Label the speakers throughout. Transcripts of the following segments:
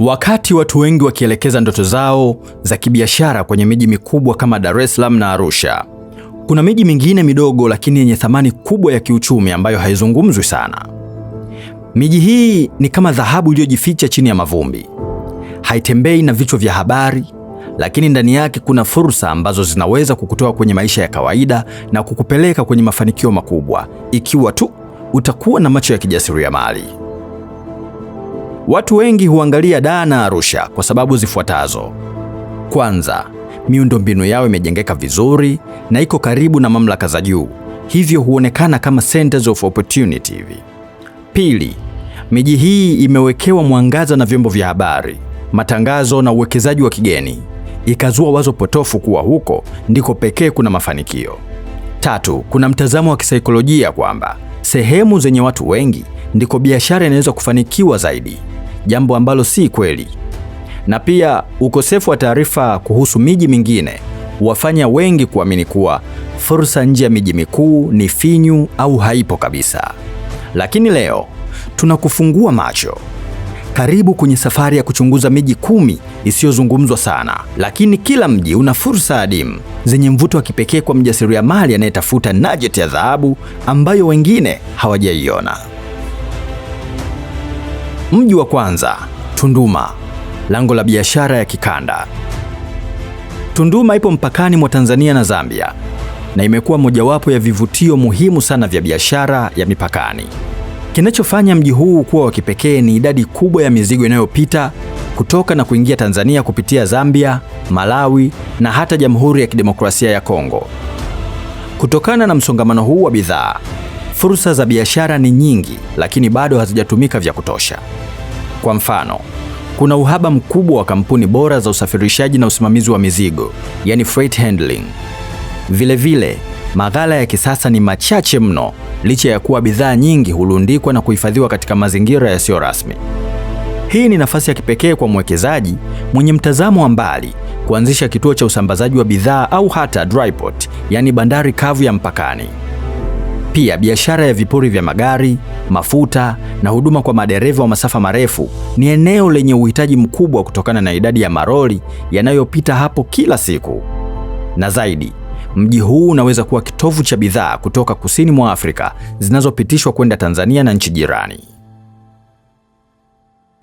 Speaker 1: Wakati watu wengi wakielekeza ndoto zao za kibiashara kwenye miji mikubwa kama Dar es Salaam na Arusha, kuna miji mingine midogo lakini yenye thamani kubwa ya kiuchumi ambayo haizungumzwi sana. Miji hii ni kama dhahabu iliyojificha chini ya mavumbi, haitembei na vichwa vya habari, lakini ndani yake kuna fursa ambazo zinaweza kukutoa kwenye maisha ya kawaida na kukupeleka kwenye mafanikio makubwa, ikiwa tu utakuwa na macho ya kijasiriamali. Watu wengi huangalia Dar na Arusha kwa sababu zifuatazo. Kwanza, miundombinu yao imejengeka vizuri na iko karibu na mamlaka za juu, hivyo huonekana kama centers of opportunity hivi. Pili, miji hii imewekewa mwangaza na vyombo vya habari, matangazo na uwekezaji wa kigeni, ikazua wazo potofu kuwa huko ndiko pekee kuna mafanikio. Tatu, kuna mtazamo wa kisaikolojia kwamba sehemu zenye watu wengi ndiko biashara inaweza kufanikiwa zaidi jambo ambalo si kweli. Na pia ukosefu wa taarifa kuhusu miji mingine wafanya wengi kuamini kuwa fursa nje ya miji mikuu ni finyu au haipo kabisa. Lakini leo tunakufungua macho. Karibu kwenye safari ya kuchunguza miji kumi isiyozungumzwa sana, lakini kila mji una fursa adimu zenye mvuto wa kipekee kwa mjasiriamali anayetafuta najeti ya dhahabu ambayo wengine hawajaiona. Mji wa kwanza, Tunduma, lango la biashara ya kikanda. Tunduma ipo mpakani mwa Tanzania na Zambia na imekuwa mojawapo ya vivutio muhimu sana vya biashara ya mipakani. Kinachofanya mji huu kuwa wa kipekee ni idadi kubwa ya mizigo inayopita kutoka na kuingia Tanzania kupitia Zambia, Malawi na hata Jamhuri ya Kidemokrasia ya Kongo. Kutokana na msongamano huu wa bidhaa, Fursa za biashara ni nyingi, lakini bado hazijatumika vya kutosha. Kwa mfano, kuna uhaba mkubwa wa kampuni bora za usafirishaji na usimamizi wa mizigo, yani freight handling. Vilevile, maghala ya kisasa ni machache mno, licha ya kuwa bidhaa nyingi hulundikwa na kuhifadhiwa katika mazingira yasiyo rasmi. Hii ni nafasi ya kipekee kwa mwekezaji mwenye mtazamo wa mbali kuanzisha kituo cha usambazaji wa bidhaa au hata dryport, yani bandari kavu ya mpakani. Pia biashara ya vipuri vya magari, mafuta na huduma kwa madereva wa masafa marefu ni eneo lenye uhitaji mkubwa kutokana na idadi ya maroli yanayopita hapo kila siku. Na zaidi, mji huu unaweza kuwa kitovu cha bidhaa kutoka kusini mwa Afrika zinazopitishwa kwenda Tanzania na nchi jirani.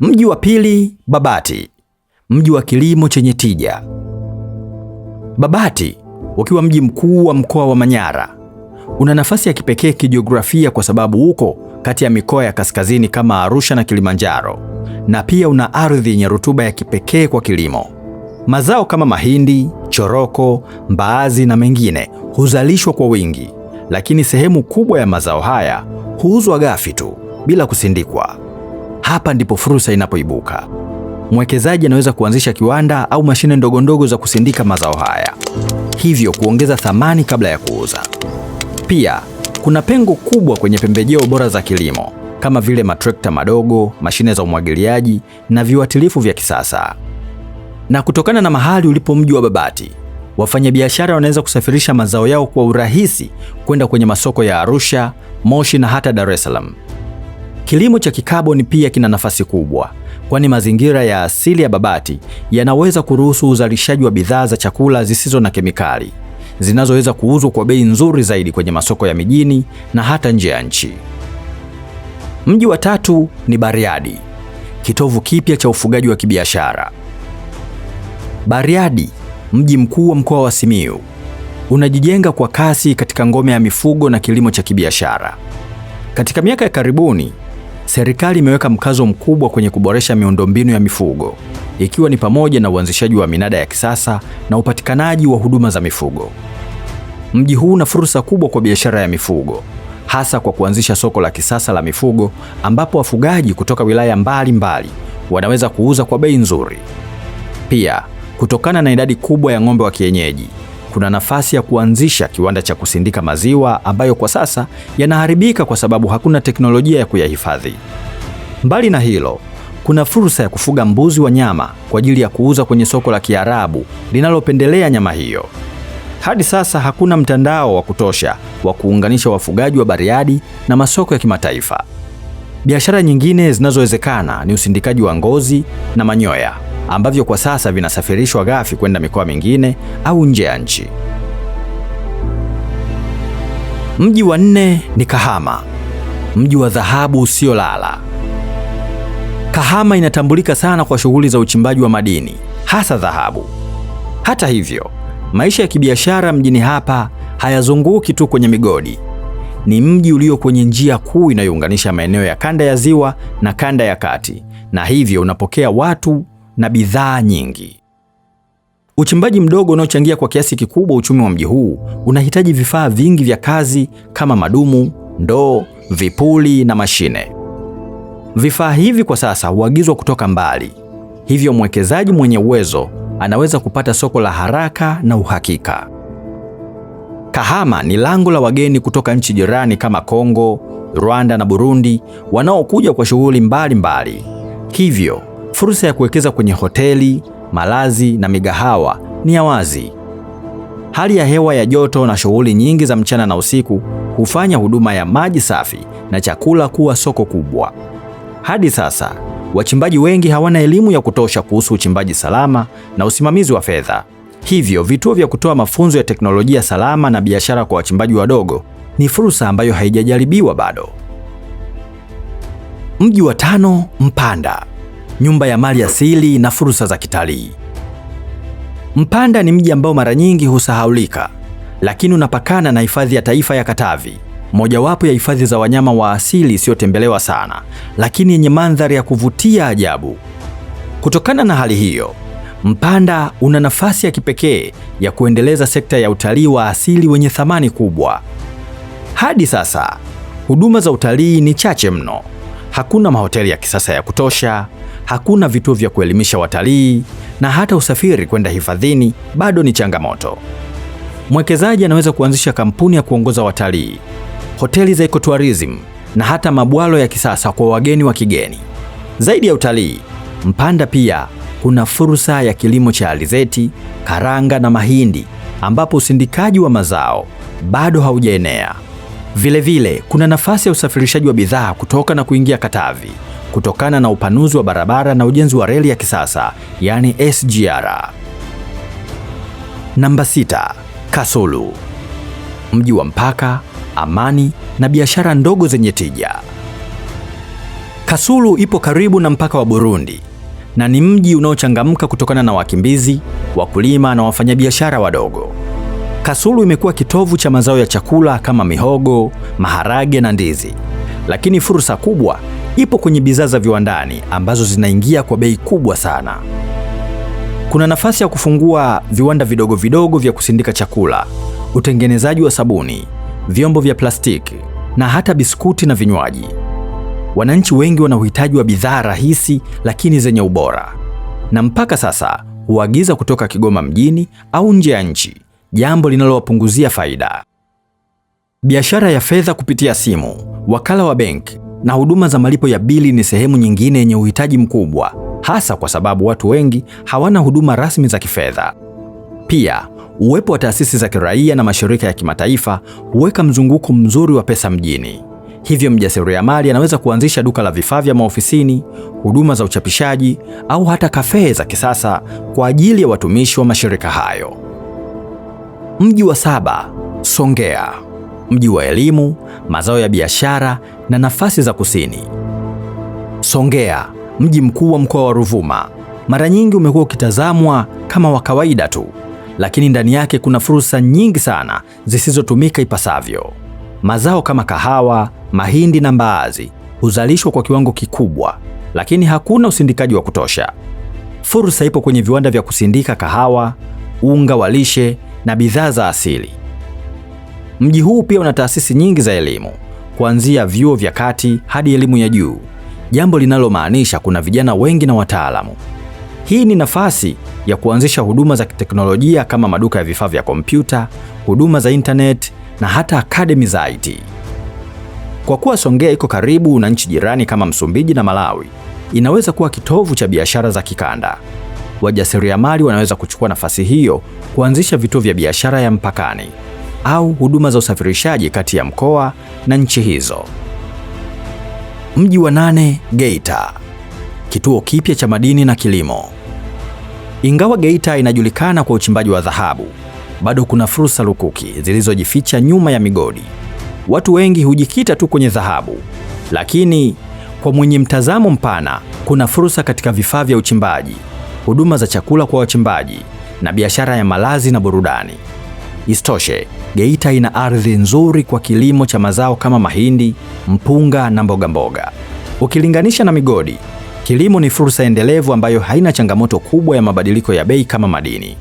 Speaker 1: Mji wa pili, Babati, mji wa kilimo chenye tija. Babati ukiwa mji mkuu wa mkoa wa Manyara una nafasi ya kipekee kijiografia kwa sababu uko kati ya mikoa ya kaskazini kama Arusha na Kilimanjaro, na pia una ardhi yenye rutuba ya kipekee kwa kilimo. Mazao kama mahindi, choroko, mbaazi na mengine huzalishwa kwa wingi, lakini sehemu kubwa ya mazao haya huuzwa ghafi tu bila kusindikwa. Hapa ndipo fursa inapoibuka. Mwekezaji anaweza kuanzisha kiwanda au mashine ndogondogo za kusindika mazao haya, hivyo kuongeza thamani kabla ya kuuza. Pia kuna pengo kubwa kwenye pembejeo bora za kilimo kama vile matrekta madogo, mashine za umwagiliaji na viuatilifu vya kisasa. Na kutokana na mahali ulipo mji wa Babati, wafanyabiashara wanaweza kusafirisha mazao yao kwa urahisi kwenda kwenye masoko ya Arusha, Moshi na hata Dar es Salaam. Kilimo cha kikaboni pia kina nafasi kubwa, kwani mazingira ya asili ya Babati yanaweza kuruhusu uzalishaji wa bidhaa za chakula zisizo na kemikali zinazoweza kuuzwa kwa bei nzuri zaidi kwenye masoko ya mijini na hata nje ya nchi. Mji wa tatu ni Bariadi, kitovu kipya cha ufugaji wa kibiashara. Bariadi, mji mkuu wa mkoa wa Simiyu, unajijenga kwa kasi katika ngome ya mifugo na kilimo cha kibiashara. Katika miaka ya karibuni, serikali imeweka mkazo mkubwa kwenye kuboresha miundombinu ya mifugo ikiwa ni pamoja na uanzishaji wa minada ya kisasa na upatikanaji wa huduma za mifugo. Mji huu una fursa kubwa kwa biashara ya mifugo, hasa kwa kuanzisha soko la kisasa la mifugo ambapo wafugaji kutoka wilaya mbalimbali wanaweza kuuza kwa bei nzuri. Pia, kutokana na idadi kubwa ya ng'ombe wa kienyeji, kuna nafasi ya kuanzisha kiwanda cha kusindika maziwa ambayo kwa sasa yanaharibika kwa sababu hakuna teknolojia ya kuyahifadhi. Mbali na hilo, kuna fursa ya kufuga mbuzi wa nyama kwa ajili ya kuuza kwenye soko la Kiarabu linalopendelea nyama hiyo. Hadi sasa hakuna mtandao wa kutosha wa kuunganisha wafugaji wa Bariadi na masoko ya kimataifa. Biashara nyingine zinazowezekana ni usindikaji wa ngozi na manyoya ambavyo kwa sasa vinasafirishwa ghafi kwenda mikoa mingine au nje ya nchi. Mji wa nne ni Kahama, mji wa dhahabu usiolala. Kahama inatambulika sana kwa shughuli za uchimbaji wa madini, hasa dhahabu. Hata hivyo, maisha ya kibiashara mjini hapa hayazunguki tu kwenye migodi. Ni mji ulio kwenye njia kuu inayounganisha maeneo ya kanda ya ziwa na kanda ya kati, na hivyo unapokea watu na bidhaa nyingi. Uchimbaji mdogo unaochangia kwa kiasi kikubwa uchumi wa mji huu unahitaji vifaa vingi vya kazi kama madumu, ndoo, vipuli na mashine. Vifaa hivi kwa sasa huagizwa kutoka mbali, hivyo mwekezaji mwenye uwezo anaweza kupata soko la haraka na uhakika. Kahama ni lango la wageni kutoka nchi jirani kama Kongo, Rwanda na Burundi wanaokuja kwa shughuli mbalimbali. Hivyo, fursa ya kuwekeza kwenye hoteli, malazi na migahawa ni ya wazi. Hali ya hewa ya joto na shughuli nyingi za mchana na usiku hufanya huduma ya maji safi na chakula kuwa soko kubwa. Hadi sasa wachimbaji wengi hawana elimu ya kutosha kuhusu uchimbaji salama na usimamizi wa fedha. Hivyo vituo vya kutoa mafunzo ya teknolojia salama na biashara kwa wachimbaji wadogo ni fursa ambayo haijajaribiwa bado. Mji wa tano, Mpanda, nyumba ya mali asili na fursa za kitalii. Mpanda ni mji ambao mara nyingi husahaulika, lakini unapakana na hifadhi ya taifa ya Katavi mojawapo ya hifadhi za wanyama wa asili isiyotembelewa sana, lakini yenye mandhari ya kuvutia ajabu. Kutokana na hali hiyo, Mpanda una nafasi ya kipekee ya kuendeleza sekta ya utalii wa asili wenye thamani kubwa. Hadi sasa, huduma za utalii ni chache mno. Hakuna mahoteli ya kisasa ya kutosha, hakuna vituo vya kuelimisha watalii na hata usafiri kwenda hifadhini bado ni changamoto. Mwekezaji anaweza kuanzisha kampuni ya kuongoza watalii hoteli za ecotourism na hata mabwalo ya kisasa kwa wageni wa kigeni. Zaidi ya utalii, Mpanda pia kuna fursa ya kilimo cha alizeti, karanga na mahindi ambapo usindikaji wa mazao bado haujaenea. Vilevile kuna nafasi ya usafirishaji wa bidhaa kutoka na kuingia Katavi kutokana na upanuzi wa barabara na ujenzi wa reli ya kisasa yaani SGR. Namba sita, Kasulu, mji wa mpaka amani na biashara ndogo zenye tija. Kasulu ipo karibu na mpaka wa Burundi na ni mji unaochangamka kutokana na wakimbizi, wakulima na wafanyabiashara wadogo. Kasulu imekuwa kitovu cha mazao ya chakula kama mihogo, maharage na ndizi. Lakini fursa kubwa ipo kwenye bidhaa za viwandani ambazo zinaingia kwa bei kubwa sana. Kuna nafasi ya kufungua viwanda vidogo vidogo vya kusindika chakula, utengenezaji wa sabuni, vyombo vya plastiki na hata biskuti na vinywaji. Wananchi wengi wana uhitaji wa bidhaa rahisi lakini zenye ubora, na mpaka sasa huagiza kutoka Kigoma mjini au nje ya nchi, jambo linalowapunguzia faida. Biashara ya fedha kupitia simu, wakala wa benki na huduma za malipo ya bili ni sehemu nyingine yenye uhitaji mkubwa, hasa kwa sababu watu wengi hawana huduma rasmi za kifedha. Pia Uwepo wa taasisi za kiraia na mashirika ya kimataifa huweka mzunguko mzuri wa pesa mjini. Hivyo mjasiriamali anaweza kuanzisha duka la vifaa vya maofisini, huduma za uchapishaji au hata kafee za kisasa kwa ajili ya watumishi wa mashirika hayo. Mji wa saba, Songea, mji wa elimu, mazao ya biashara na nafasi za kusini. Songea, mji mkuu wa mkoa wa Ruvuma, mara nyingi umekuwa ukitazamwa kama wa kawaida tu, lakini ndani yake kuna fursa nyingi sana zisizotumika ipasavyo. Mazao kama kahawa, mahindi na mbaazi huzalishwa kwa kiwango kikubwa, lakini hakuna usindikaji wa kutosha. Fursa ipo kwenye viwanda vya kusindika kahawa, unga wa lishe na bidhaa za asili. Mji huu pia una taasisi nyingi za elimu, kuanzia vyuo vya kati hadi elimu ya juu, jambo linalomaanisha kuna vijana wengi na wataalamu. Hii ni nafasi ya kuanzisha huduma za kiteknolojia kama maduka ya vifaa vya kompyuta, huduma za intaneti na hata akademi za IT. Kwa kuwa Songea iko karibu na nchi jirani kama Msumbiji na Malawi, inaweza kuwa kitovu cha biashara za kikanda. Wajasiriamali wanaweza kuchukua nafasi hiyo kuanzisha vituo vya biashara ya mpakani au huduma za usafirishaji kati ya mkoa na nchi hizo. Mji wa nane, Geita, kituo kipya cha madini na kilimo. Ingawa Geita inajulikana kwa uchimbaji wa dhahabu, bado kuna fursa lukuki zilizojificha nyuma ya migodi. Watu wengi hujikita tu kwenye dhahabu, lakini kwa mwenye mtazamo mpana, kuna fursa katika vifaa vya uchimbaji, huduma za chakula kwa wachimbaji na biashara ya malazi na burudani. Isitoshe, Geita ina ardhi nzuri kwa kilimo cha mazao kama mahindi, mpunga na mbogamboga. Ukilinganisha na migodi Kilimo ni fursa endelevu ambayo haina changamoto kubwa ya mabadiliko ya bei kama madini.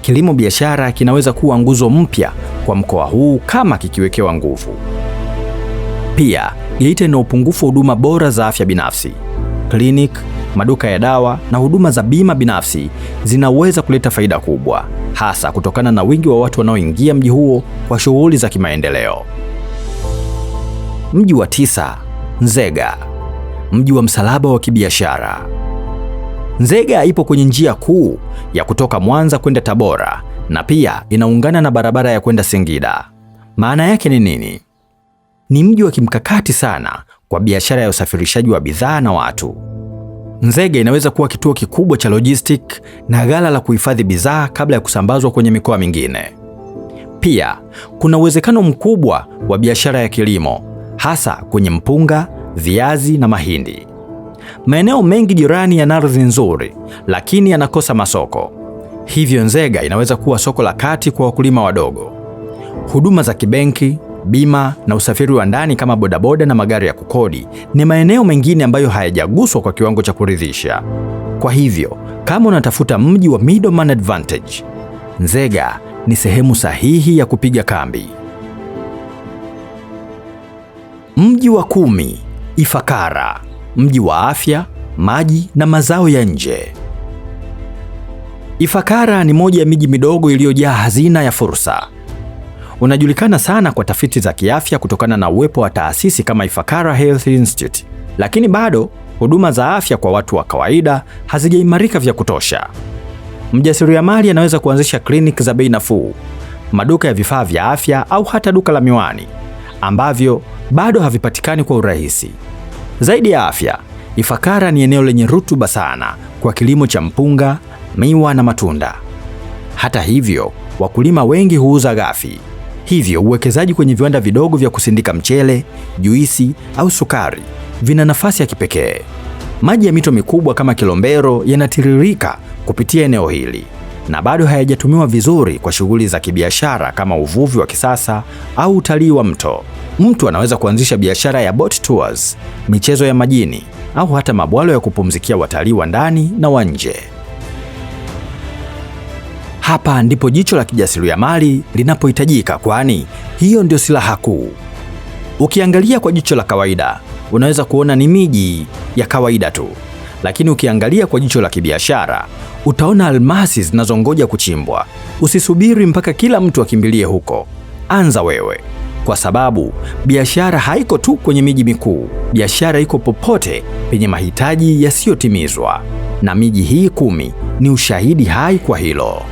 Speaker 1: Kilimo biashara kinaweza kuwa nguzo mpya kwa mkoa huu kama kikiwekewa nguvu. Pia, Geita ina upungufu wa huduma bora za afya binafsi. Kliniki, maduka ya dawa na huduma za bima binafsi zinaweza kuleta faida kubwa, hasa kutokana na wingi wa watu wanaoingia mji huo kwa shughuli za kimaendeleo. Mji wa tisa, Nzega mji wa msalaba wa kibiashara. Nzega ipo kwenye njia kuu ya kutoka Mwanza kwenda Tabora na pia inaungana na barabara ya kwenda Singida. Maana yake ni nini? Ni mji wa kimkakati sana kwa biashara ya usafirishaji wa bidhaa na watu. Nzega inaweza kuwa kituo kikubwa cha logistic na ghala la kuhifadhi bidhaa kabla ya kusambazwa kwenye mikoa mingine. Pia kuna uwezekano mkubwa wa biashara ya kilimo hasa kwenye mpunga, viazi na mahindi. Maeneo mengi jirani yana ardhi nzuri, lakini yanakosa masoko. Hivyo Nzega inaweza kuwa soko la kati kwa wakulima wadogo. Huduma za kibenki, bima na usafiri wa ndani kama bodaboda na magari ya kukodi ni maeneo mengine ambayo hayajaguswa kwa kiwango cha kuridhisha. Kwa hivyo, kama unatafuta mji wa middleman advantage, Nzega ni sehemu sahihi ya kupiga kambi. Mji wa kumi. Ifakara, mji wa afya, maji na mazao ya nje. Ifakara ni moja ya miji midogo iliyojaa hazina ya fursa. Unajulikana sana kwa tafiti za kiafya kutokana na uwepo wa taasisi kama Ifakara Health Institute, lakini bado huduma za afya kwa watu wa kawaida hazijaimarika vya kutosha. Mjasiriamali anaweza kuanzisha kliniki za bei nafuu, maduka ya vifaa vya afya au hata duka la miwani ambavyo bado havipatikani kwa urahisi. Zaidi ya afya, Ifakara ni eneo lenye rutuba sana kwa kilimo cha mpunga, miwa na matunda. Hata hivyo, wakulima wengi huuza ghafi. Hivyo uwekezaji kwenye viwanda vidogo vya kusindika mchele, juisi au sukari vina nafasi ya kipekee. Maji ya mito mikubwa kama Kilombero yanatiririka kupitia eneo hili na bado hayajatumiwa vizuri kwa shughuli za kibiashara kama uvuvi wa kisasa au utalii wa mto. Mtu anaweza kuanzisha biashara ya boat tours, michezo ya majini au hata mabwalo ya kupumzikia watalii wa ndani na wa nje. Hapa ndipo jicho la kijasiriamali linapohitajika, kwani hiyo ndio silaha kuu. Ukiangalia kwa jicho la kawaida, unaweza kuona ni miji ya kawaida tu, lakini ukiangalia kwa jicho la kibiashara utaona almasi zinazongoja kuchimbwa. Usisubiri mpaka kila mtu akimbilie huko, anza wewe, kwa sababu biashara haiko tu kwenye miji mikuu. Biashara iko popote penye mahitaji yasiyotimizwa, na miji hii kumi ni ushahidi hai kwa hilo.